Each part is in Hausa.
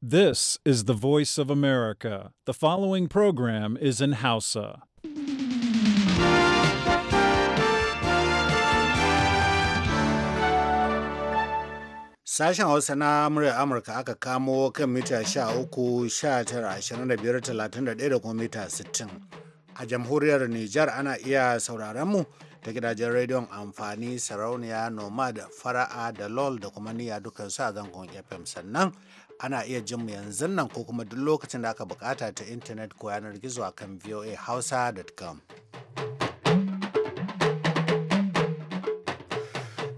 This is the voice of America. The following program is in Hausa. Sashen Hausa na murya Amurka aka kamo kan mita 13, 19, 31 da kuma mita 60. A jamhuriyar Nijar ana iya sauraron mu ta gidajen rediyon amfani sarauniya nomad fara'a da lol da kuma niya dukansu a zangon FM sannan ana iya jin mu yanzu nan ko kuma duk lokacin da aka bukata ta intanet ko yanar gizo akan voahausa.com.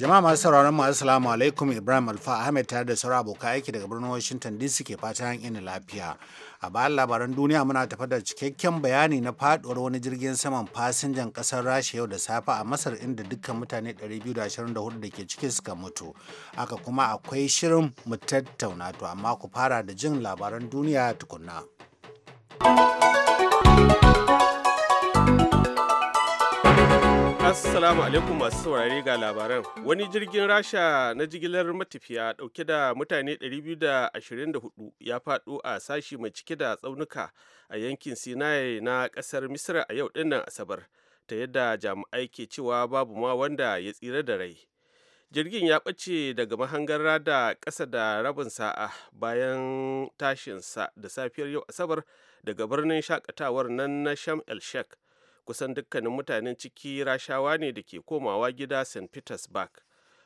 Jama'a masu sauraron mu assalamu alaikum Ibrahim Alfa Ahmed tare da sauran abokan aiki daga birnin Washington DC ke fatan ina lafiya. A bayan labaran duniya muna tafa da cikakken bayani na faduwar wani jirgin saman fasinjan kasar Rasha yau da safe a Masar inda dukkan mutane 224 da ke ciki suka mutu. Haka kuma akwai shirin mu tattauna to amma ku fara da jin labaran duniya tukunna. Assalamu alaikum masu saurare ga labaran. Wani jirgin Rasha na jigilar matafiya dauke da mutane 224 ya fado a sashi mai cike da tsaunuka a yankin Sinai na kasar Misra a yau dinnan Asabar, ta yadda jami'ai ke cewa babu ma wanda ya tsira da rai. Jirgin ya ɓace daga mahangar rada ƙasa da rabin sa'a bayan tashinsa da safiyar yau Asabar daga birnin shakatawar nan na Sham El Sheikh. kusan dukkanin mutanen ciki rashawa ne da ke komawa gida st petersburg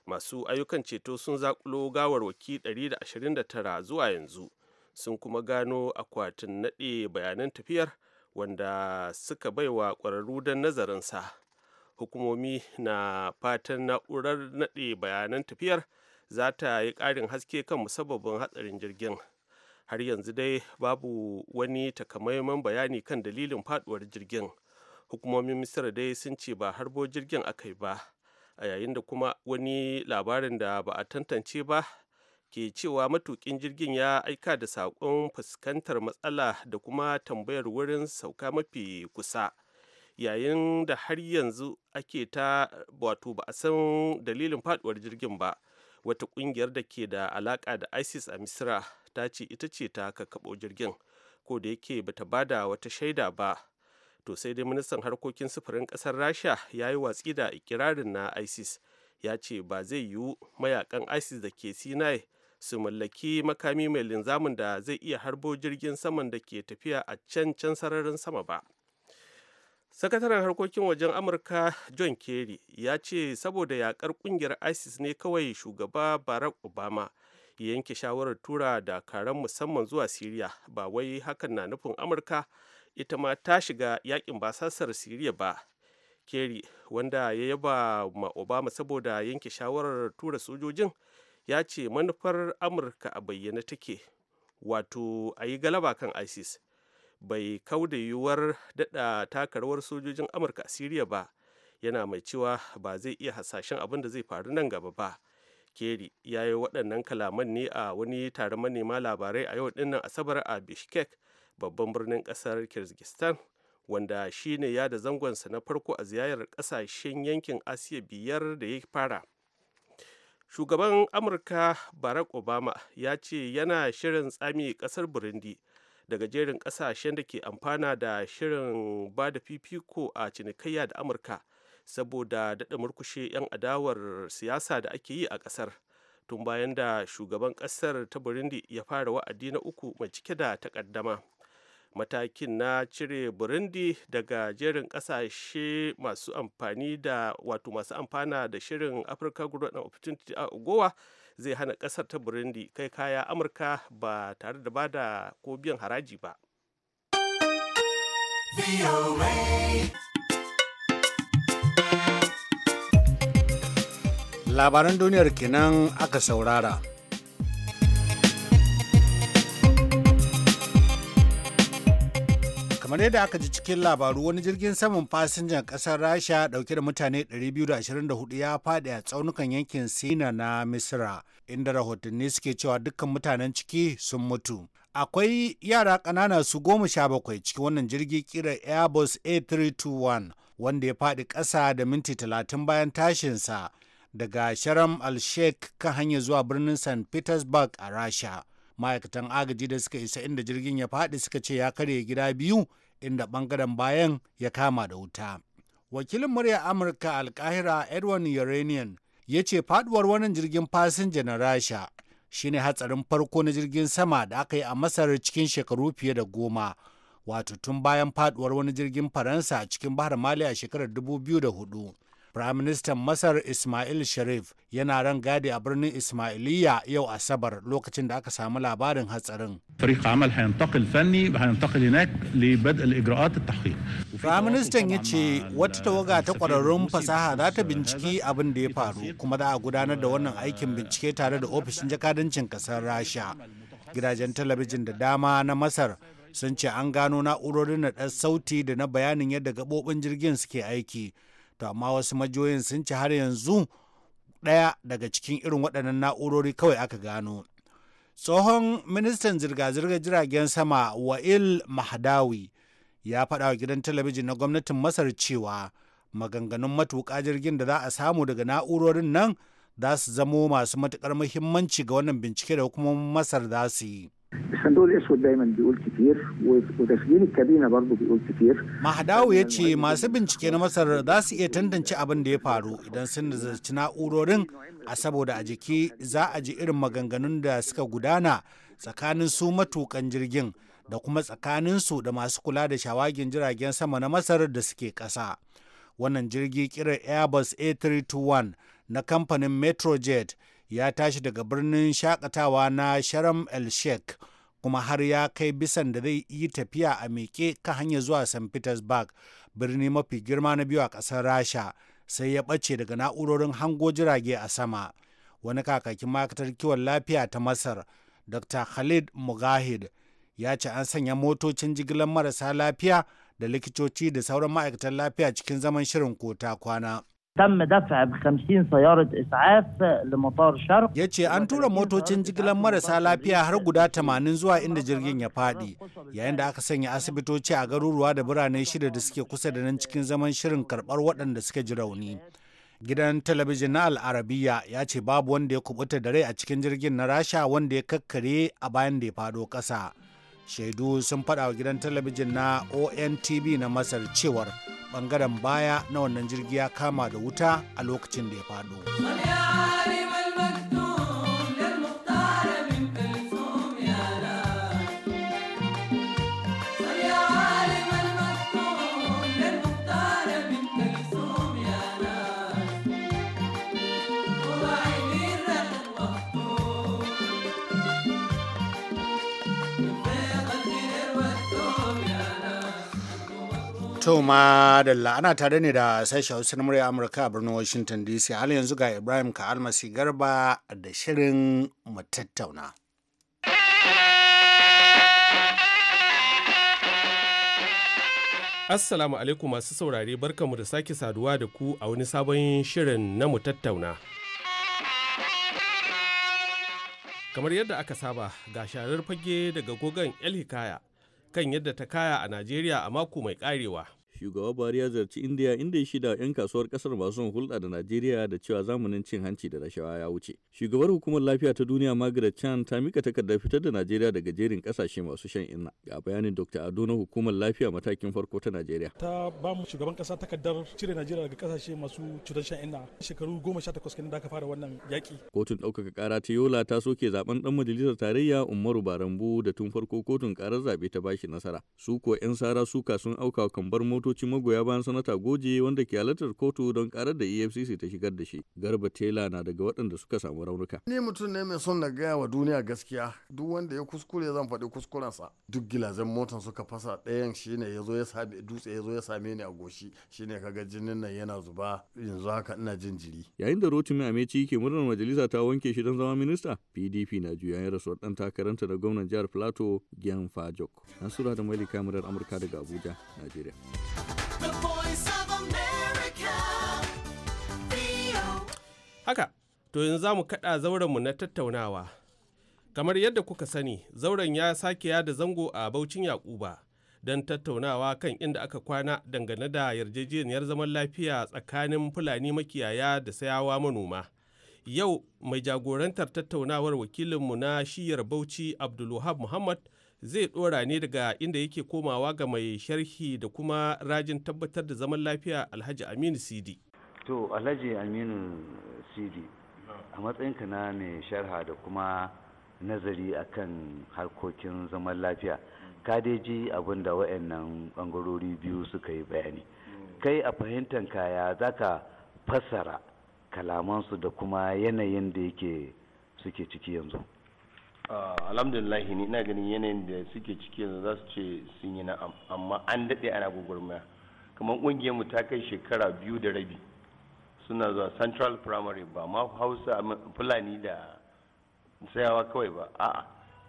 masu ayyukan ceto sun zakulo gawarwaki 129 zuwa yanzu sun kuma gano akwatin naɗe bayanan tafiyar wanda suka baiwa ƙwararru don nazarinsa hukumomi na fatan na'urar naɗe bayanan tafiyar za ta yi ƙarin haske kan musabbabin hatsarin jirgin har yanzu dai babu wani takamaiman bayani kan dalilin faduwar jirgin hukumomin misira dai sun ce ba harbo jirgin aka yi ba a yayin da kuma wani labarin da ba a tantance ba ke cewa matukin jirgin ya aika da saƙon fuskantar matsala da kuma tambayar wurin sauka mafi kusa yayin da har yanzu ake ta wato ba a san dalilin faduwar jirgin ba wata kungiyar da ke da alaka da isis a misira ta ce ita ce ta kakabo jirgin ko da yake bata bada wata shaida ba to sai dai ministan harkokin sufurin kasar rasha ya yi watsi da ikirarin na isis ya ce ba zai yiwu mayakan isis da ke sinai su mallaki makami mai linzamin da zai iya harbo jirgin saman da ke tafiya a can can sararin sama ba sakataren harkokin wajen amurka john kerry ya ce saboda yakar kungiyar isis ne kawai shugaba barack obama ya yanke shawarar tura da karen musamman zuwa syria ba wai hakan na nufin amurka ita ma ta shiga yakin basasar siriya ba keri wanda ya yaba ma obama saboda yanke shawarar tura sojojin ya ce manufar amurka a bayyane take wato a yi galaba kan isis bai kauda da yiwuwar daɗa takarwar sojojin amurka a siriya ba yana mai cewa ba zai iya hasashen abin da zai faru nan gaba ba keri ya yi waɗannan kalaman ne a wani taron manema labarai a yau dinnan asabar a bishkek babban birnin kasar kyrgyzstan wanda shine ya da zangonsa na farko a ziyarar kasashen yankin asiya biyar da ya fara shugaban amurka barack obama ya ce yana shirin tsami kasar burundi daga jerin ƙasashen da ke amfana da shirin ba da fifiko a cinikayya da amurka saboda daɗa murkushe 'yan adawar siyasa da ake yi a ƙasar tun bayan da shugaban ƙasar ta burundi ya fara wa'adi na uku mai cike da takaddama matakin na cire burundi daga jerin kasashe masu amfani da wato masu amfana da shirin africa growth and opportunity a ugowa zai hana kasar ta burundi kai kaya amurka ba tare da bada ko biyan haraji ba labaran duniyar kenan aka saurara kamar yadda aka ji cikin labaru wani jirgin saman fasinjan kasar rasha dauke da mutane 224 ya faɗi a tsaunukan yankin sina na misira inda rahotanni suke cewa dukkan mutanen ciki sun mutu akwai yara ƙanana su goma sha bakwai cikin wannan jirgin kira airbus a321 wanda ya faɗi ƙasa da minti talatin bayan tashinsa daga sharam al-sheikh kan hanyar zuwa birnin st petersburg a rasha ma'aikatan agaji da suka isa inda jirgin ya faɗi suka ce ya karye gida biyu inda bangaren bayan ya kama da wuta wakilin murya amurka alkahira edwin uranian ya ce faduwar wannan jirgin fasinja na rasha shine hatsarin farko na jirgin sama da aka yi a masar cikin shekaru fiye da goma wato tun bayan faduwar wani jirgin faransa a cikin bahar mali a shekarar 2004 Firaministan Masar Ismail Sharif yana ran gadi a birnin Ismailiyya yau Asabar lokacin da aka samu labarin hatsarin. Firaministan ya ce wata tawaga ta kwararrun fasaha za ta binciki abin da ya faru kuma za a gudanar da wannan aikin bincike tare da ofishin jakadancin kasar Rasha. Gidajen talabijin da dama na Masar sun ce an gano na'urorin na sauti da na bayanin yadda gaɓoɓin jirgin suke aiki. to amma wasu majiyoyin sun ci har yanzu ɗaya daga cikin irin waɗannan na'urori kawai aka gano tsohon ministan zirga-zirgar jiragen sama wa'il Mahdawi, ya faɗa wa gidan talabijin na gwamnatin masar cewa maganganun matuƙa jirgin da za a samu daga na'urorin nan za su zamo masu matuƙar muhimmanci ga wannan bincike da hukumomin masar za su yi الصندوق mahadawu ya ce masu bincike na masar za su iya tantance abin da ya faru idan sun nazarci na'urorin a saboda a jiki za a ji irin maganganun da suka gudana tsakanin su matukan jirgin da kuma tsakanin su da masu kula da shawagin jiragen sama na masar da suke ƙasa wannan jirgi kirar airbus a321 na kamfanin metrojet ya tashi daga birnin shakatawa na sharam el Sheikh kuma har ya kai bisan da zai yi tafiya a miƙe ka hanyar zuwa St. Petersburg birni mafi girma na biyu a ƙasar Rasha sai ya ɓace daga na'urorin hango jirage a sama. Wani kakakin ma'aikatar kiwon lafiya ta Masar, Dr. Khalid Mugahid, ya ce an sanya motocin jigilar marasa lafiya da likitoci da sauran ma'aikatan lafiya cikin zaman shirin kota kwana. تم دفع ب 50 لمطار شرق ya ce an tura motocin jigilan marasa lafiya har guda 80 zuwa inda jirgin ya fadi yayin da aka sanya asibitoci a garuruwa da birane shida da suke kusa da nan cikin zaman shirin karbar waɗanda suke ji rauni gidan talabijin na al'arabiya ya ce babu wanda ya kubuta da rai a cikin jirgin na rasha wanda ya kakkare a bayan da ya fado ƙasa shaidu sun faɗa wa gidan talabijin na ontv na masar cewar bangaren baya na wannan jirgi ya kama da wuta a lokacin da ya faɗo. To ma da ana tare ne da sashen Hausa na murya Amurka a birnin Washington DC hal yanzu ga Ibrahim ka almasi garba da shirin mu tattauna. Assalamu alaikum masu saurare barkamu da sake saduwa da ku a wani sabon shirin na mu tattauna. Kamar yadda aka saba ga sharar fage daga gogon El Hikaya. kan yadda ta kaya a Najeriya a mako mai karewa. shugaba buhari ya zarci india inda ya shida 'yan kasuwar kasar masu son hulɗa da najeriya da cewa zamanin cin hanci da rashawa ya wuce shugabar hukumar lafiya ta duniya margaret chan ta mika takardar fitar da najeriya daga jerin kasashe masu shan inna ga bayanin dr ado na hukumar lafiya matakin farko ta najeriya ta ba mu shugaban kasa takardar cire najeriya daga kasashe masu cutar shan inna shekaru goma sha takwas kenan da aka fara wannan yaki kotun ɗaukaka ƙara ta yola ta soke zaben dan majalisar tarayya umaru barambu da tun farko kotun ƙarar zaɓe ta bashi nasara su kuwa 'yan sara suka sun auka kambar motoci sanatocin magoya bayan sanata goje wanda ke halartar kotu don karar da efcc ta shigar da shi garba tela na daga waɗanda suka samu raunuka ni mutum ne mai son na gaya wa duniya gaskiya duk wanda ya kuskure zan faɗi kuskurensa duk gilazen motan suka fasa ɗayan shine ya zo ya same dutse ya zo ya same ni a goshi shine kaga jinin nan yana zuba yanzu haka ina jin jiri yayin da rotimi meci ke murnar majalisa ta wanke shi don zama minista pdp na juya ya rasuwar ɗan takaranta da gwamnan jihar plateau gyan fajok nasura da mali murar amurka daga abuja najeriya Haka, to yanzu za mu kaɗa zaurenmu na tattaunawa. Kamar yadda kuka sani, zauren ya sake yada zango a Baucin Yakuba don tattaunawa kan inda aka kwana dangane da yarjejeniyar zaman lafiya tsakanin Fulani makiyaya da sayawa manoma. Yau mai jagorantar tattaunawar wakilinmu na shiyar Bauchi Abdulwahab Muhammad zai ɗora ne daga inda yake komawa ga mai sharhi da kuma rajin tabbatar da zaman lafiya alhaji aminu sidi to alhaji aminu sidi a matsayinka na mai sharha da kuma nazari akan harkokin zaman lafiya ka dai ji abin da wa'annan ɓangarori biyu suka yi bayani kai a fahimtar kaya za ka fassara kalamansu da kuma yanayin da yake suke ciki yanzu Ah, alhamdulillah ni ina ganin yanayin da suke ciki yanzu za su ce sun yi na'am amma an daɗe ana gwagwarmaya kamar ƙungiyar mu ta kai shekara biyu da rabi suna zuwa central primary ba ma hausa fulani da tsayawa kawai ba a'a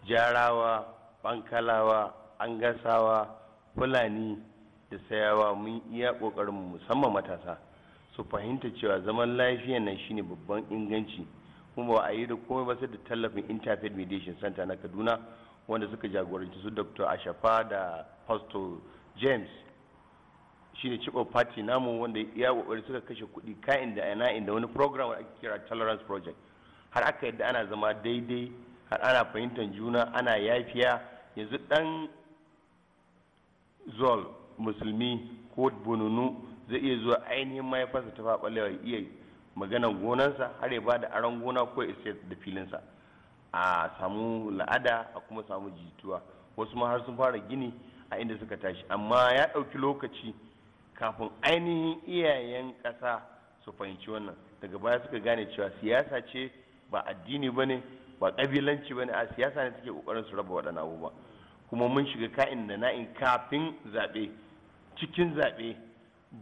jarawa bankalawa an gasawa fulani da sayawa mun iya ƙoƙarin musamman matasa su fahimta cewa zaman lafiya nan shine babban inganci kuma ba a yi da komai ba sai da tallafin interfaith mediation center na kaduna wanda suka jagoranci su dr ashafa da pastor james shine chief of party namu wanda ya kokari suka kashe kuɗi ka'in da ana inda wani program da ake kira tolerance project har aka yadda ana zama daidai har ana fahimtar juna ana yafiya yanzu dan zol musulmi ko bununu zai iya zuwa ainihin mahaifarsa ta faɓalewa iya maganan gonansa har ya bada aron gona ko estate da filinsa a samu la'ada a kuma samu jituwa wasu ma har sun fara gini a inda suka tashi amma ya ɗauki lokaci kafin ainihin iyayen ƙasa su fahimci wannan daga baya suka gane cewa siyasa ce ba addini ba ne ba ƙabilanci ba ne a siyasa ne suke ƙoƙarin su raba waɗannan abubuwa kuma mun shiga ka'in da na'in kafin zaɓe cikin zaɓe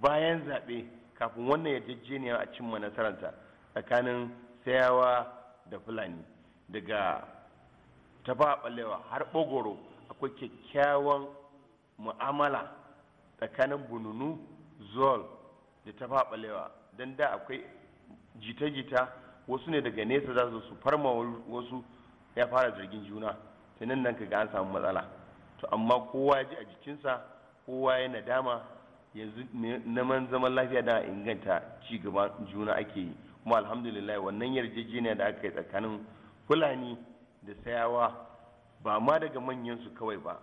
bayan zaɓe kafin wannan yarjejeniyar a cimma nasararta tsakanin sayawa da fulani daga tafa ɓallewa har ɓogoro akwai kyakkyawan mu'amala tsakanin bununu zol da tafa ɓallewa don da akwai jita-jita wasu ne daga nesa za su farma wasu ya fara zargin juna ta nan nan ka ga an samu matsala to amma kowa ya ji a jikinsa kowa ya nadama yanzu neman zaman lafiya da inganta ci gaba juna ake yi kuma alhamdulillah wannan yarjejeniya da aka yi tsakanin fulani da sayawa ba ma daga manyan su kawai ba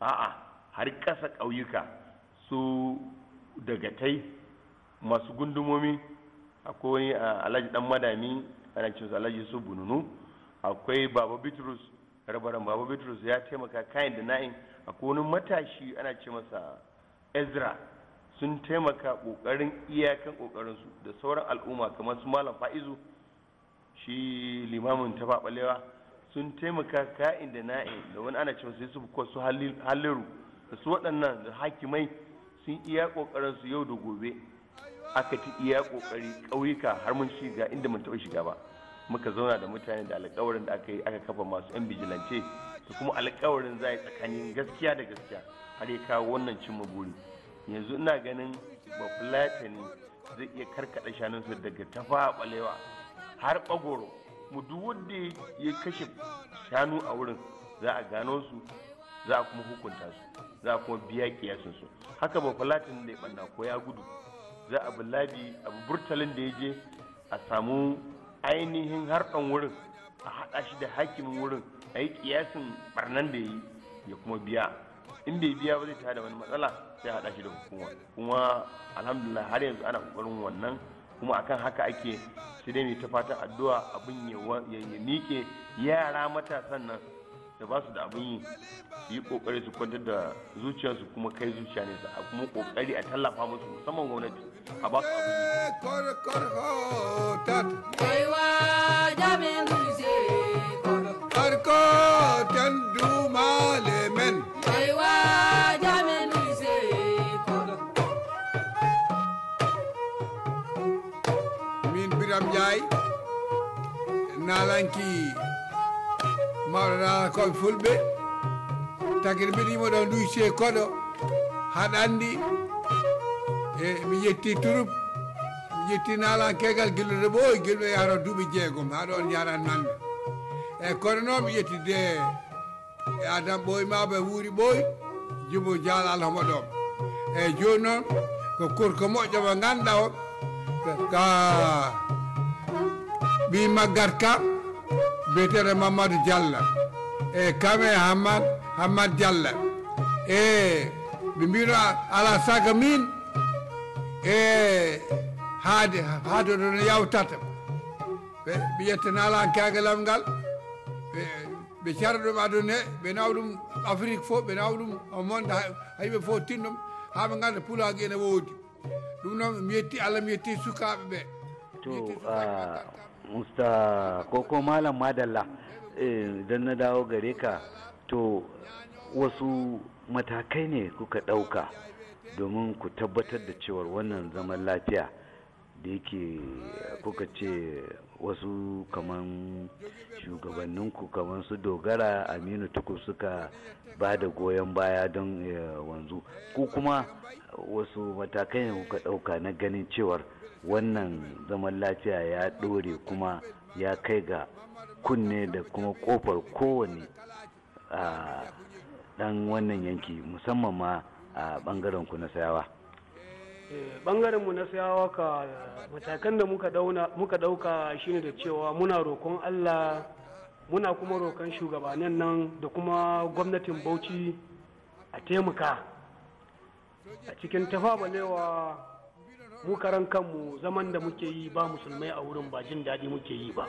a'a har kasa ƙauyuka su dagatai masu gundumomi akwai alhaji dan madami ana su alhaji su bununu akwai baba bitrus rabaran baba bitrus ya taimaka kayan da na'in akwai wani matashi ana ce masa ezra sun taimaka ƙoƙarin iyakan ƙoƙarinsu da sauran al'umma kamar su malam fa'izu shi limamin ta faɓalewa sun taimaka ka'in da na'in da wani ana cewa sai su ko su halliru da su waɗannan da hakimai sun iya ƙoƙarinsu yau da gobe aka ti iya ƙoƙari ƙauyuka har mun shiga inda mun taɓa shiga ba muka zauna da mutane da alƙawarin da aka yi aka kafa masu 'yan bijilance da kuma alƙawarin za a yi tsakanin gaskiya da gaskiya har ya kawo wannan cimma buri. yanzu ina ganin ne zai iya karkaɗa su daga tafa balewa har bagoro mu duk wanda ya kashe shanu a wurin za a gano su za a kuma hukunta su za a kuma biya kiyasin su haka ne da ya ko ya gudu za a labi abu burtalin da ya je a samu ainihin harɗan wurin a haɗa shi da hakimin wurin a yi kiyasin barnan da ya yi ya kuma biya in bai biya ba zai da wani matsala sai haɗa shi da hukuma kuma alhamdulillah har yanzu ana kokarin wannan kuma akan haka ake sai dai ta fatan addu'a abin ya miƙe yara matasan nan da ba su da abin yi yi kokari su kwantar da zuciyarsu kuma kai zuciya ne a kuma kokari a tallafa musu musamman gwamnati a ba su abin yi. Eh, نالنکی مارا نالا کوɓe fulɓe tagir mbiɗimo ɗo duysie koɗo haɗa andi e mi yetti turup mi yetti nalankegal gilɗoɗo ɓooy gilɗo yahata duuɓi jeegom haɗo on jaran nande eyyi kono noon mi yettide e adam ɓooy maɓe wuuri ɓooy jumo jaal alhomo ɗom eyyi joni noon ko korko moƴƴo mo ganduɗa o ka ɓima garka biyeteɗo mamadou dialla e kame hamad hamad dialla e ɓe mbino ala saga min e haade haade ɗon yawtata ɓe ƴettana ala kagalam ngal ɓe cara ɗum aduna ɓe nawa ɗum afrique fof ɓe nawa ɗum monde hayɓe fof tinɗum ha ɓe ganda pulaki ene woodi ɗum noon mi yetti allah mi yetti sukaɓe ɓe to musta koko malam madalla eh, idan na dawo gare ka to wasu matakai ne kuka ɗauka domin ku tabbatar da cewar wannan zaman lafiya da yake kuka ce wasu kaman shugabanninku kaman su dogara aminu tuku suka ba da goyon baya don wanzu ko kuma wasu matakai ne kuka ɗauka na ganin cewar wannan zaman lafiya ya ɗore kuma ya kai ga kunne da kuma kofar kowane ɗan wannan yanki musamman ma a ɓangaren ku na sayawa. bangaren eh, mu na sayawa ka matakan da muka ɗauka shine da cewa muna roƙon Allah muna kuma roƙon shugabanin nan da kuma gwamnatin Bauchi a taimaka a cikin tafa balewa mu karan kanmu zaman da muke yi ba musulmai a wurin ba jin daɗi muke yi ba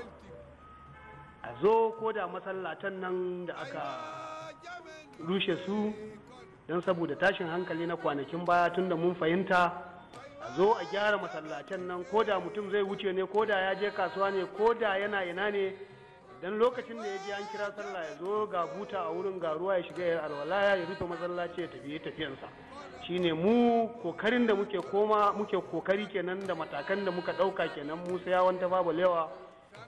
a zo ko da masallatan nan da aka rushe su don saboda tashin hankali na kwanakin baya tun da mun fahimta a zo a gyara masallatan nan ko da mutum zai wuce ne ko da ya je kasuwa ne ko da yana ina ne dan lokacin da ya je an kira sallah ya zo ga buta a wurin ga ruwa ya shiga ya alwala ya rufe masallaci ya tafi tafiyansa shine mu kokarin da muke koma muke kokari kenan da matakan da muka ɗauka kenan musa yawan ta babu lewa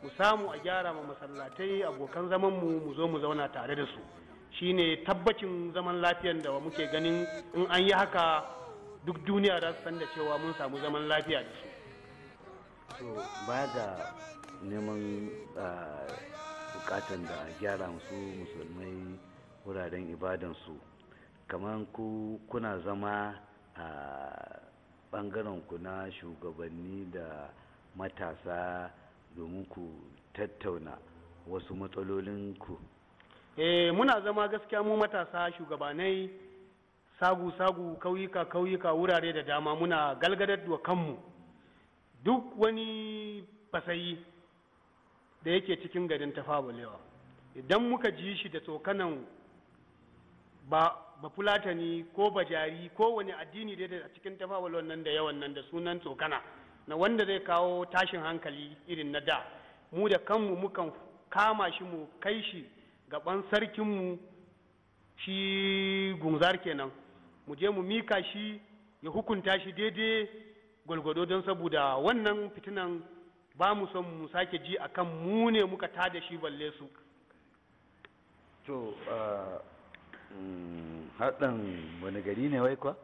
mu samu a gyara ma masallatai abokan zaman mu mu zo mu zauna tare da su shine tabbacin zaman lafiyan da muke ganin in an yi haka duk duniya za su san da cewa mun samu zaman lafiya da su to ba ga neman ah, bukatan da gyara musu musulmai wuraren ibadansu kamar ku kuna zama a bangaren ku na shugabanni da matasa domin ku tattauna wasu matsalolin ku eh muna zama gaskiya mu matasa shugabanai sagu-sagu kauyuka-kauyuka wurare da dama muna galgadar da kanmu duk wani fasayi da yake cikin garin tafabulewa idan muka ji shi da tsokanan ba bafulatani ko bajari ko wani addini da a cikin tafawalon nan da yawan nan da sunan tsokana na wanda zai kawo tashin hankali irin na da mu da kanmu mukan kama shi mu kai shi gaban sarkinmu shi gunzar kenan mu je mu mika shi ya hukunta shi daidai gwalgwado don saboda wannan fitinan ba mu son mu sake ji akan mu ne muka tada shi balle su to ah, haɗin wani gari ne wai kuwa?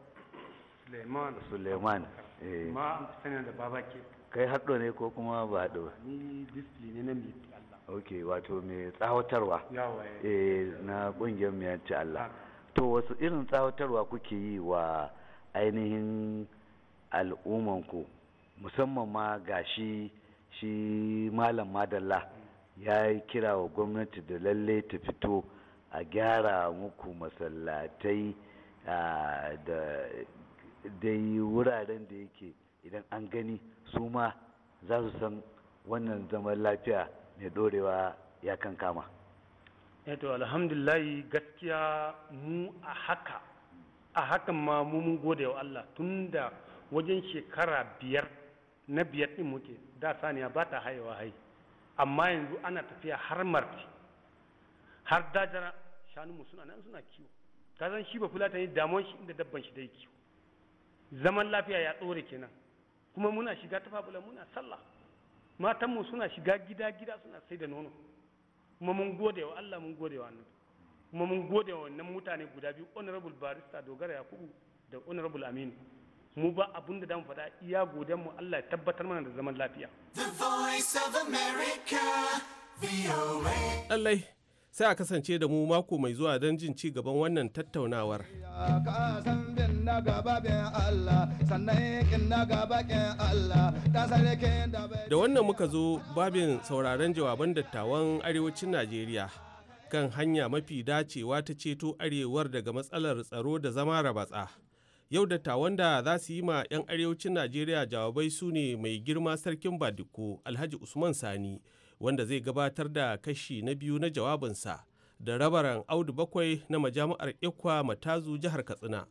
suleiman suleiman eh. ma an da baba ke kai haɗo ne ko kuma ba haɗo ba ni disli ne na mai Allah ok wato mai tsawatarwa eh. eh na ƙungiyar mai ci Allah to wasu irin tsawatarwa kuke yi wa ainihin al'umanku? musamman ma gashi shi malam madalla ya yi kira wa gwamnati da lalle ta fito a gyara muku masallatai da dai wuraren da yake idan an gani su ma za su san wannan zaman lafiya mai dorewa ya kan kama. yato eh alhamdulillahi gaskiya mu a haka a hakan ma mu mun gode wa Allah tunda wajen shekara biyar na biyar ɗin muke da saniya ba ta haihuwa hai amma yanzu ana tafiya har marti har dajara shanunmu suna nan suna kiwo ka san shi ba fulata ne damuwar shi inda dabban shi dai kiwo zaman lafiya ya tsore kenan kuma muna shiga fabula muna sallah matanmu suna shiga gida gida suna sai da nono kuma mun gode wa Allah mun gode wa annabi kuma mun gode wa wannan mutane guda biyu honorable barista dogara yakubu da honorable aminu mu ba abun da damu faɗa iya godan mu Allah ya tabbatar mana da zaman lafiya the voice of america Allah sai a kasance da mu mako mai zuwa don jin ci gaban wannan tattaunawar. Da wannan muka zo babin sauraron jawaban dattawan arewacin Najeriya kan hanya mafi dacewa ta ceto arewar daga matsalar tsaro da zama rabatsa. Yau dattawan da za su yi ma 'yan arewacin Najeriya jawabai su ne mai girma sarkin Badiko Alhaji Usman Sani. wanda zai gabatar da kashi na biyu na jawabinsa da rabaran audu bakwai na majami'ar ikwa matazu jihar katsina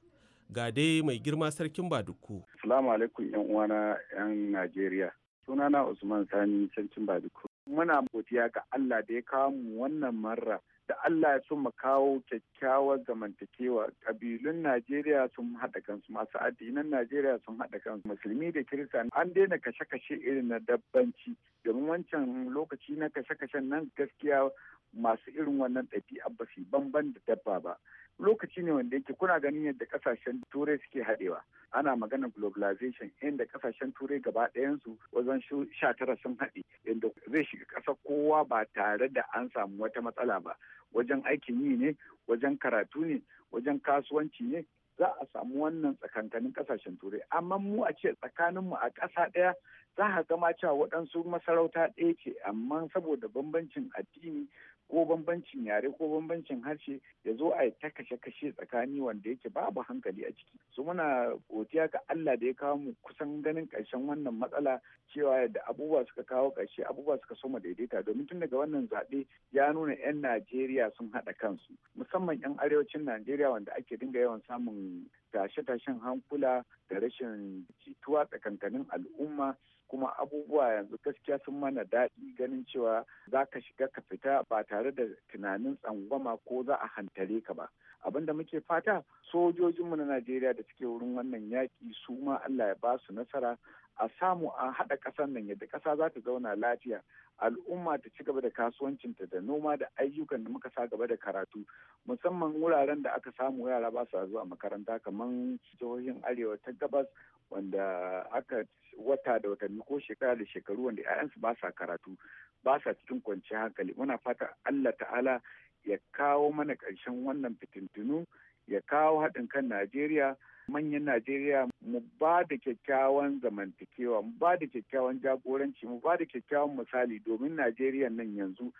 ga dai mai girma sarkin baduku. Salamu alaikum yan uwana yan Najeriya. Sunana Usman Sani sarkin baduku. Muna godiya ga Allah da ya kawo mu wannan marra da Allah ya so mu kawo kyakkyawar zamantakewa kabilun Najeriya sun haɗa kansu masu addinan Najeriya sun haɗa kansu musulmi da kirista an daina kashe-kashe irin na dabbanci domin wancan lokaci na kashe-kashen nan gaskiya masu irin wannan ɗabi'a ba su banban da dabba ba lokaci ne wanda yake kuna ganin yadda kasashen turai suke haɗewa ana magana globalization inda kasashen turai gaba ɗayansu wajen sha tara sun haɗe inda zai shiga ƙasa kowa ba tare da an samu wata matsala ba wajen aikin yi ne wajen karatu ne wajen kasuwanci ne za a samu wannan tsakankanin kasashen turai amma mu a ce tsakaninmu a ƙasa ɗaya za a gama cewa waɗansu masarauta ɗaya ce amma saboda bambancin addini ko bambancin yare ko bambancin harshe ya zo a yi ta kashe-kashe tsakani wanda yake babu hankali a ciki su muna godiya ga Allah da ya kawo mu kusan ganin ƙarshen wannan matsala cewa yadda abubuwa suka kawo ƙarshe abubuwa suka soma daidaita domin tun daga wannan zaɓe ya nuna 'yan Najeriya sun haɗa kansu musamman 'yan arewacin Najeriya wanda ake dinga yawan samun tashe-tashen hankula da rashin jituwa tsakankanin al'umma kuma abubuwa yanzu gaskiya sun mana daɗi ganin cewa za ka shiga ka fita ba tare da tunanin tsangwama ko za a hantare ka ba abin da muke fata sojojinmu na najeriya da suke wurin wannan yaƙi su ma allah ya ba su nasara a samu a haɗa ƙasar nan yadda ƙasa za ta zauna lafiya al'umma ta ci gaba da kasuwancinta da noma da ayyukan da muka sa gaba da karatu musamman wuraren da aka samu yara ba su zuwa makaranta kamar jihohin arewa ta gabas wanda aka wata da watanni ko shekara da shekaru wanda 'ya'yansu ba sa karatu ba sa cikin kwanciyar hankali muna fata Allah ta'ala ya kawo mana ƙarshen wannan fitintunu ya kawo haɗin kan Najeriya manyan Najeriya mu ba da kyakkyawan zamantakewa mu ba da kyakkyawan jagoranci mu ba da kyakkyawan misali domin Najeriya nan yanzu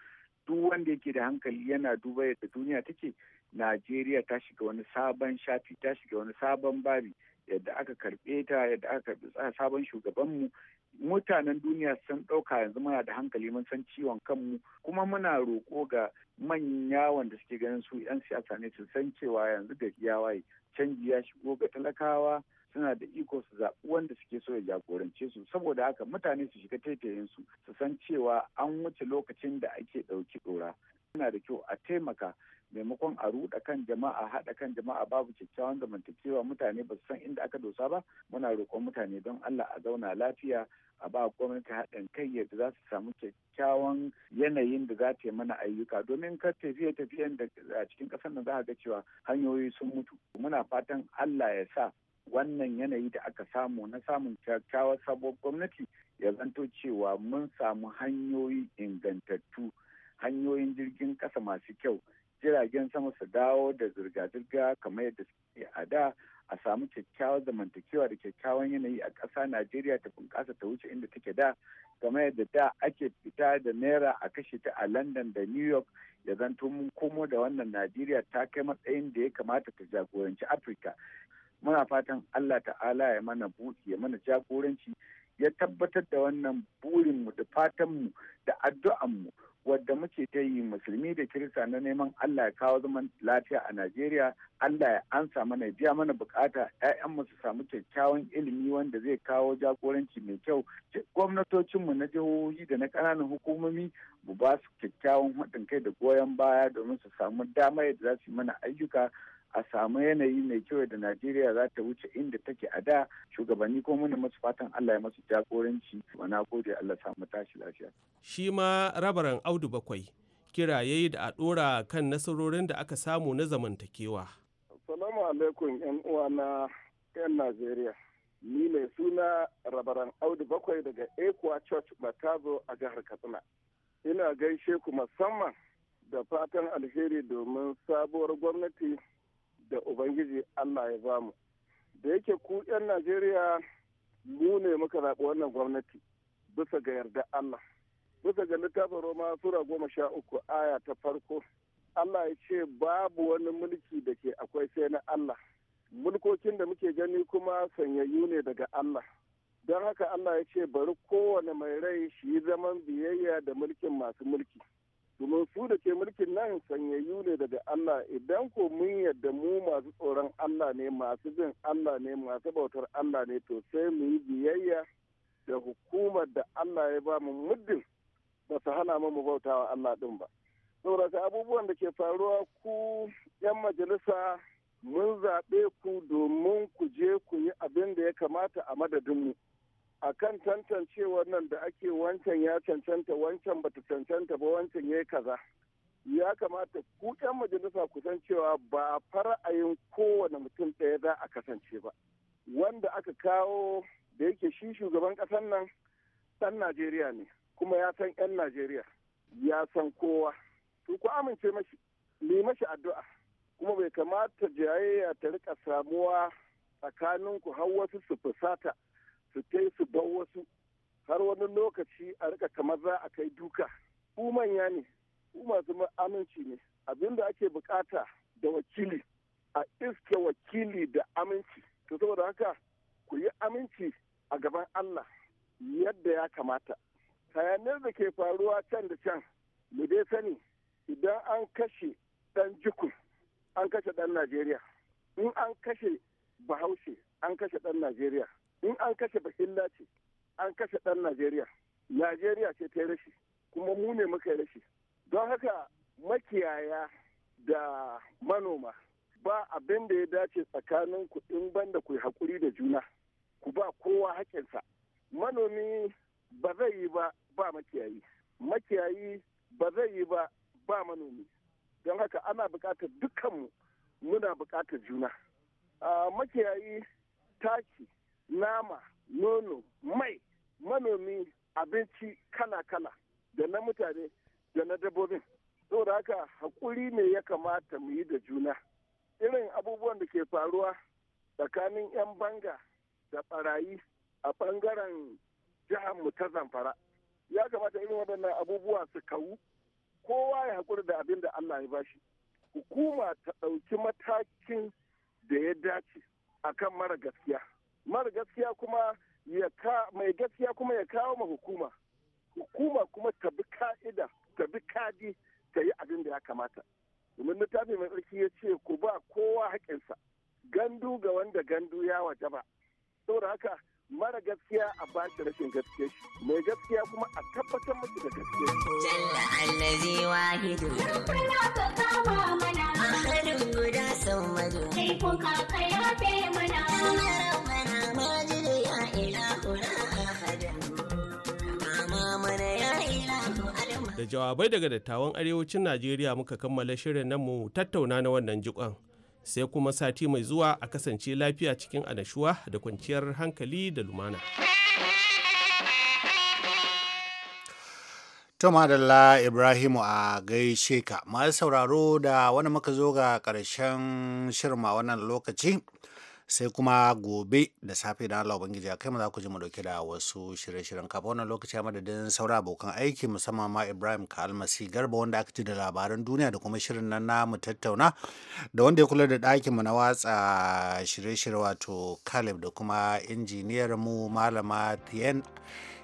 duk wanda yake da hankali yana duba yadda duniya take Najeriya ta shiga wani sabon shafi ta shiga wani sabon babi yadda aka karɓe ta yadda aka karɓi sabon shugabanmu mutanen duniya sun ɗauka yanzu muna da hankali mun san ciwon kanmu kuma muna roƙo ga manya wanda suke ganin su 'yan siyasa ne su san cewa yanzu da ya waye canji ya shigo ga talakawa suna da iko su zaɓi wanda suke so ya jagorance su saboda haka mutane su shiga taitayen su su san cewa an wuce lokacin da ake ɗauki ɗora yana da kyau a taimaka maimakon a ruɗa kan jama'a haɗa kan jama'a babu kyakkyawan zamantakewa mutane ba su san inda aka dosa ba muna roƙon mutane don Allah a zauna lafiya a ba gwamnati haɗin kai yadda za su samu kyakkyawan yanayin da za ta yi mana ayyuka domin kar tafiye tafiyen da a cikin ƙasar nan za ga cewa hanyoyi sun mutu muna fatan Allah ya sa wannan yanayi da aka samu na samun kyakkyawar sabon gwamnati ya zanto cewa mun samu hanyoyi ingantattu hanyoyin jirgin ƙasa masu kyau jiragen sama su dawo da zirga-zirga kamar yadda suke a da a samu kyakkyawar zamantakewa da kyakkyawan yanayi a ƙasa najeriya ta bunƙasa ta wuce inda take da kamar yadda da ake fita da naira a kashe ta a london da new york ya zanto mun komo da wannan najeriya ta kai matsayin da ya kamata ta jagoranci afirka muna fatan allah ta'ala ya mana buɗi ya mana jagoranci ya tabbatar da wannan burinmu da fatanmu da addu'anmu wadda muke ta yi musulmi da kirista na neman Allah ya kawo zaman lafiya a Najeriya Allah ya ansa mana biya mana bukata mu su samu kyakkyawan ilimi wanda zai kawo jagoranci mai kyau gwamnatocinmu na jihohi da na kananan hukumomi mu ba su kyakkyawan haɗin kai da goyon baya domin su samu damar da za su yi mana ayyuka a samu yanayi mai kyau da najeriya za ta wuce inda take a da shugabanni ko muna masu fatan allah ya masu jagoranci mana gode allah samu tashi lafiya shi ma rabaran audu bakwai kiraye da a ɗora kan nasarorin da aka samu na zamantakewa. Salamu alaikum ‘yan uwa na ‘yan Najeriya. Ni ne suna rabaran Audu bakwai daga Ekwa Church Matazo a jihar Katsina. Ina gaishe ku musamman da fatan alheri domin sabuwar gwamnati da ubangiji allah ya bamu da yake ku 'yan najeriya mu ne muka zaɓi wannan gwamnati bisa ga yarda allah bisa ga littafin roma sura goma sha uku aya ta farko allah ya ce babu wani mulki da ke akwai sai na allah mulkokin da muke gani kuma sanyayyu ne daga allah don haka allah ya ce bari kowane mai rai shi zaman biyayya da mulkin masu mulki domin su da ke mulkin nan sanyayyu ne daga Allah idan ko mun yadda mu masu tsoron Allah ne masu bin Allah ne masu bautar Allah ne to sai mu yi biyayya da hukumar da Allah ya ba mu muddin ba su hana mu bautawa Allah din ba saboda abubuwan da ke faruwa ku 'yan majalisa mun zaɓe ku domin ku je ku yi abin da ya kamata a madadin mu. a kan tantancewar nan da ake wancan ya cancanta wancan bata cancanta ba wancan ya kaza ya kamata ku yan majalisa ku san cewa ba fara'ayin kowane mutum ɗaya za a kasance ba wanda aka kawo da yake shi shugaban ƙasar nan ɗan najeriya ne kuma ya san 'yan najeriya ya san kowa to ku amince mashi ne mashi addu'a kuma bai kamata jayayya ta rika samuwa tsakaninku har wasu su fusata su kai su bar wasu har wani lokaci a rika kamar za a kai duka ku manya ne ku masu aminci ne abinda ake bukata da wakili a iske wakili da aminci to saboda haka ku yi aminci a gaban Allah yadda ya kamata hayanar da ke faruwa can da can mu dai sani idan an kashe dan jikun an kashe dan Najeriya in an kashe bahaushe an kashe dan Najeriya in an kashe bahilla ce an kashe ɗan najeriya najeriya ce ta rashi kuma mu ne muka rashi don haka makiyaya da manoma ba abin da ya dace tsakanin ku in banda ku hakuri da juna ku ba kowa haƙinsa manomi ba zai yi ba ba makiyayi makiyayi ba zai yi ba ba manomi don haka ana buƙatar dukkanmu muna buƙatar juna ah, makiyayi taki nama nono mai manomi abinci kala-kala da na mutane da na dabbobin saboda haka haƙuri ne ya kamata mu yi da juna irin abubuwan da ke faruwa tsakanin 'yan banga da barayi a ɓangaren jihar mu ta zamfara ya kamata irin waɗannan abubuwa su kawu kowa ya haƙuri da abin da Allah ya bashi hukuma ta ɗauki matakin da ya dace akan mara gaskiya mara gaskiya kuma ya ka mai gaskiya kuma ya kawo ma hukuma hukuma kuma ta bi ka'ida ta bi kadi ta yi abin da ya kamata domin littafi mai tsarki ya ce ku ba kowa haƙinsa gandu ga wanda gandu ya waje ba. saboda haka mara gaskiya a bashi rashin gaskiya shi mai gaskiya kuma a tabbatar musu da gaskiya jalla allazi wahidu guda sau kai mana da jawabai daga dattawan arewacin najeriya muka kammala shirin nan mu tattauna na wannan jikon sai kuma sati mai zuwa a kasance lafiya cikin anashuwa da kwanciyar hankali da lumana to madalla ibrahimu a gaishe ka masu sauraro da wani muka zo ga karshen shirma wannan lokaci sai kuma gobe da safe da Allah Ubangiji a kai mu za ku ji mu dauke da wasu shirye-shiryen kafa wannan lokaci a madadin saura abokan aiki musamman ma Ibrahim Kalmasi Garba wanda aka ci da labaran duniya da kuma shirin nan na mu tattauna da wanda ya kula da ɗakin mu na watsa shirye-shirye wato Caleb da kuma injiniyar mu malama Tien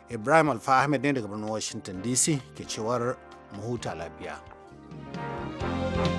Ibrahim Alfa Ahmed ne daga birnin Washington DC ke cewar mu huta lafiya. thank you